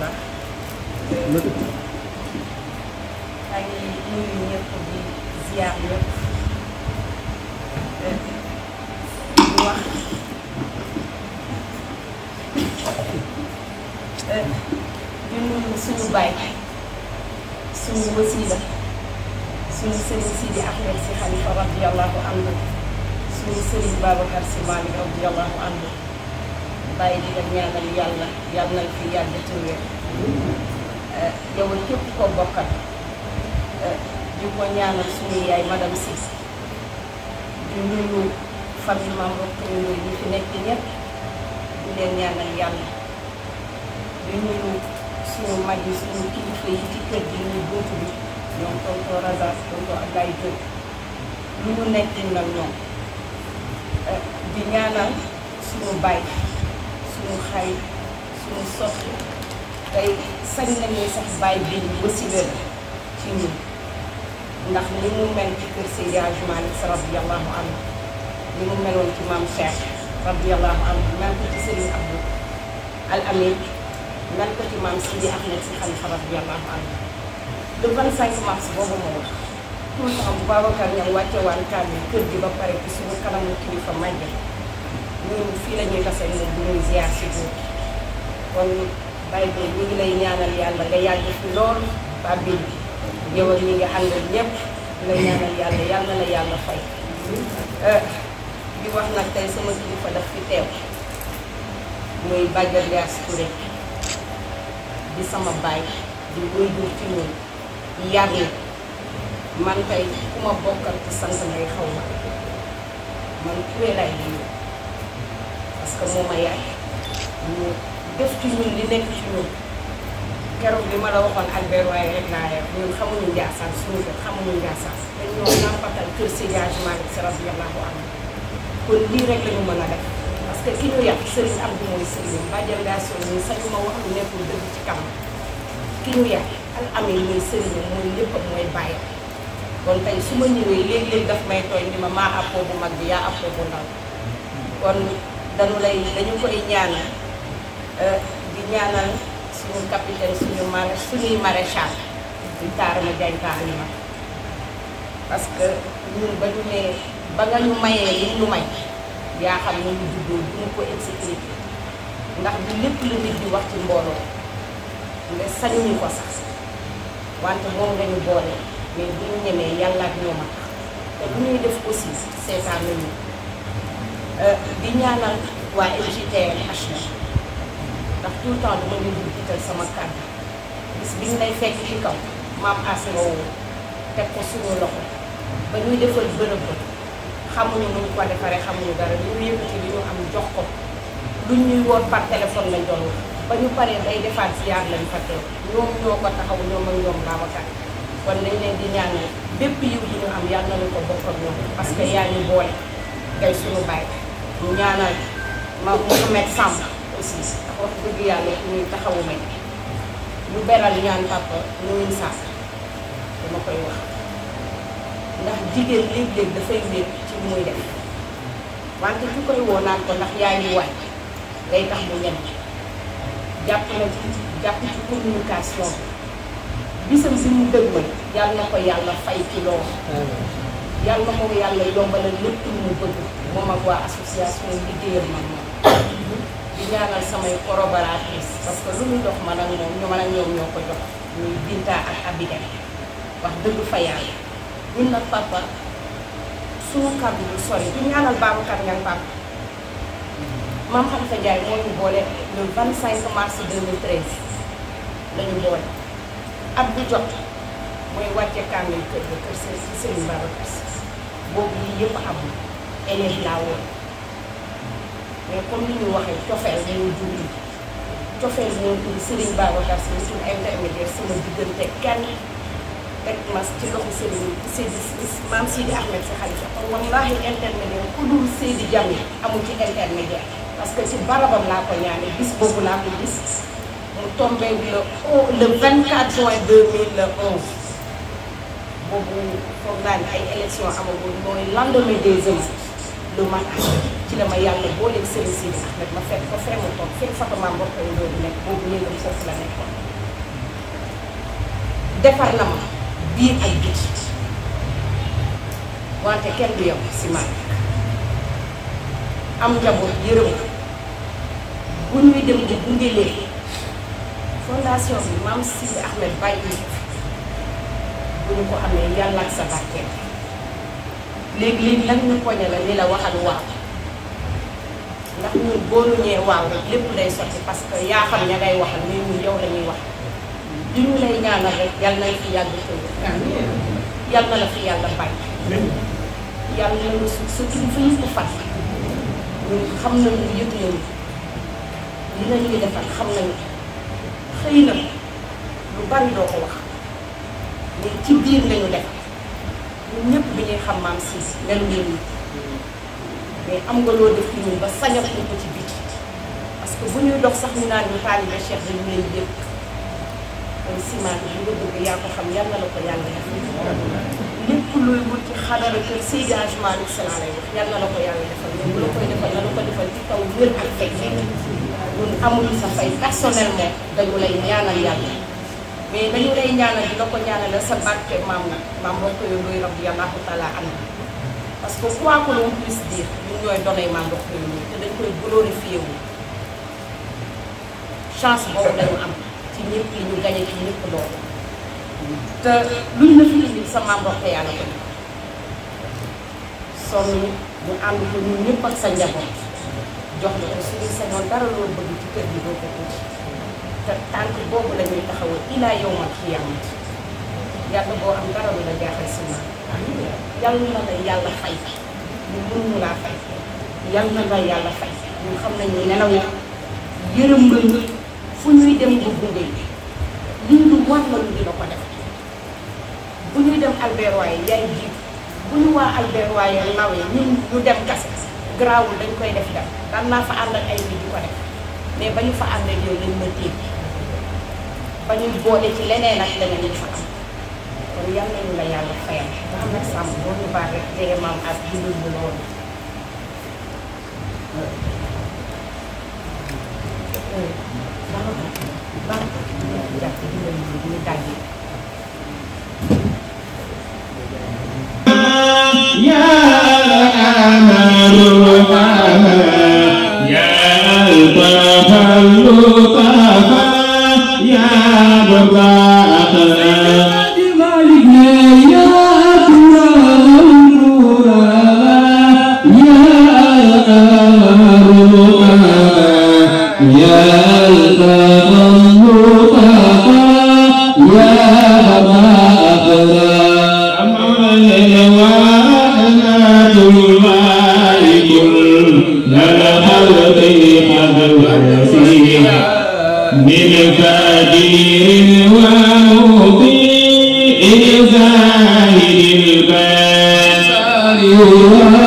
baax maa ngi nuyu ñëpp di ziar ñëpp di wax di nuyu suñu baay suñu wasiila suñu sëriñ Sidi Ahmed si xalifa radiyallahu anhu suñu sëriñ Babacar si Malick radiyallahu anhu bàyyi di leen ñaanal yàlla yàlla nañ fi yàgg ci wér eh, képp ko bokkal eh, di ko ñaanal suñu yaay madame Cissé di nuyu famille membre communaux yi fi nekk ñëpp di leen ñaanal yàlla di nuyu suñu mag suñu kilifa yi ci kër gi ñu bunt bi ñoom tonton Razas tonton Ablaye Diop lu ñu nekk nag ñoom eh, di ñaanal suñu bàyyi suñu xay suñu sotti tey sañ nañu sax bàyyi biir ba si wér ci ñun ndax li mu mel ci kër Seydi Hadji Malick Sy radiyallahu anhu li mu meloon ci maam Cheikh radiyallahu anhu mel ko ci Serigne Abdou Al Amin ko ci maam Sidi Ahmed Sy Khalifa radiyallahu anhu le 25 mars boobu ma wax tout le ñam wàcce waan kaamil kër gi ba pare ci suñu kanamu kilifa màgge ñun fii lañuy ñuy tase ñun bu si góor kon bay bi ngi lay ñaanal yàlla nga yàgg fi lool ba bi yow ak ñi nga àndal ñëpp la ñaanal yàlla yàlla na la yàlla fay. Euh, di wax nag tey sama kilifa daf fi teew muy Badiane Liass Touré di sama baay di wéy ci ñun yar man tey ku ma bokkal ci sant ngay xaw ma man Touré lay yëngu. parce que moo ma la waxoon Albert waaye rek laa yor ñun xamuñu Ndiassane suñu kon lii rek la ñu a def parce que ki ñu yàq sëriñ am bi mooy sëriñam bàjjëlgation ñun sañu ma wax lu nekkul dëgg mooy sëriñam mooy bàyyi kon tey su ma ñëwee léeg-léeg daf may tooñ ni ma maa appoo bu mag bi yaa appoo bu ndaw kon dañu lay dañu koy ñaanal euh, di ñaanal suñu capitaine suñu mara suñuy maréchal di taarama jaay taarama parce que ñun ba ñu ne ba nga ñu mayee li ñu may yaa xam ne ñu juddoo du ko expliqué ndax du lépp lu nit di wax ci mbooloo nga sañuñu ko sax wante moom nga ñu boole mais bu ñemee yàlla ak ñoom a te bu ñuy def aussi seetaan nañu. Euh, di ñaanal waa LGTBH ndax tout le temps dama leen di jiital sama kàddu bis bi ñu lay fekk kaw maam as nga teg ko suñu loxo ba ñuy defal bërëb ba xamuñu nu ñu ko defaree xamuñu dara li ñu yëkkati li ñu am jox ko luñ ñuy woon par téléphone lañ doon ba ñu paree day defaat ziar lañ fa teew ñoom ñoo ko taxaw ñoom ak ñoom Babacar kon dañ leen di ñaanal bépp yiw yi ñu am yàlla na ñu ko bokk ak parce que yaa ñu boole ngay suñu bàyyi. ñu ñaanal ma Mouhamed Samb aussi ndax wax dëgg yàlla ku ñuy taxawu ma ñu beral ñaan papa ñuy sax dama koy wax ndax jigéen léeg-léeg dafay wéet ci muy def wante ku koy woo ko ndax yaa ngi waaj day tax mu ñem jàpp na ci jàpp ci communication bisam si mu dëgmal yàlla ko yàlla fay ci yàlla moom yàlla yombalal lépp lu mu bëgg moom ak waa association liggéeyam man moom di ñaanal samay collaboratrices parce que lu ñu dox man ak moom ñu mën ñoom ñoo ko jox muy Binta ak Abida wax dëgg fa yàlla ñun nag papa suñu kàddu du sori di ñaanal Babacar Niang papa maam xam sa jaay moo ñu boole le 25 mars 2013 lañu jot mooy wàcce kàmmil kër ga kër sëriñ Babacar Si boobu lii yëpp amul élève laa woon mais comme ni ñu waxee cofeel ñëw dund cofeel ñëw dund Serigne Babacar Sy suñu intermédiaire sama diggante kenn teg mas ci loxo Serigne Seydi maam Seydi Ahmed Sy Khalifa kon wallaahi intermédiaire ku dul Seydi Diagne amul ci intermédiaire parce que barabam laa ko ñaane bis boobu laa ko gis mu tombé le le 24 juin 2011 boobu foog naa ne ay élection amagul mooy lendemain des élections lu man am ci la ma yàlla boole Serigne Sidi Ahmed ma fekk ko fee mu toog fii mu Fatma mbokk yi loolu nekk boobu néegam foofu la nekkoon defar na ma biir ak biti wante kenn du yam si man am njaboot yërëm bu bu ñu ko amee yàlla ak sa barkeel léegi-léegi lan ñu poñe la ni la waxal waaw ndax ñun boo ñu ñee waaw lépp lay sotti parce que yaa xam ña ngay waxal mais ñun yow la wax li ñu lay ñaanal rek yàlla na fi yàgg tëj yàlla na fi yàlla bàyyi yàlla na la fu ñu ko fat ñun xam nañu yëg li la ñuy xam nañu xëy na lu bari doo ko wax ni ci biir lañu def ñun ñëpp bi ñuy xam maam siis melu ngeen ñi mais am nga loo def ñun ba sañat ko ci biti parce que bu ñuy dox sax ñu naan ñu taalibe Cheikh dañu leen dégg kon ciment bi nga bëgg yaa ko xam yàlla la ko yàlla def lépp luy wut ci xadara defal ñoom bu koy defal ci kaw wér ak fekk ñun amul sa fay personnellement dañu lay ñaanal yàlla mais dañu lay ñaanal di la ko ñaanal sa barke maam na maam boo koy luy rab yàllaahu taala an parce que quoi que l'on puisse dire ñooy donay maam ndox koy am ci ñëpp ñu gañe ci ñëpp loolu te luñ na ko yàlla ko sonn ñu ànd ko ñun ñëpp ak sa njaboot jox la ko suñu sañoon dara loolu bëgg ci kër gi doo ko tuuti te tànk boobu la ñuy taxawal ilaa yow ma xiyaamati yàlla boo am dara lu la jaaxal si ma yàlla na la yàlla fay ñu mën ñu laa fay yàlla na la yàlla fay ñu xam nañ ni nelaw yërëm nga ñu fu ñuy dem nga gunge li ñu war la ñu ko def bu ñuy dem Albert waaye yaay bu ñu waa Albert waaye nawee ñu dem kase garaawul dañ koy def def daan naa fa ànd ak ay nit di ko def mais ba ñu fa ànd ak yow lañ ma téye ba ñu boole ci leneen ak ni sax kon yal nañu la yàlla fayal Mouhamed Samb boo ñu baax rek jege maam as bindul كل الخلق حذوا فيها من فاجر ومطيع زاهد الباب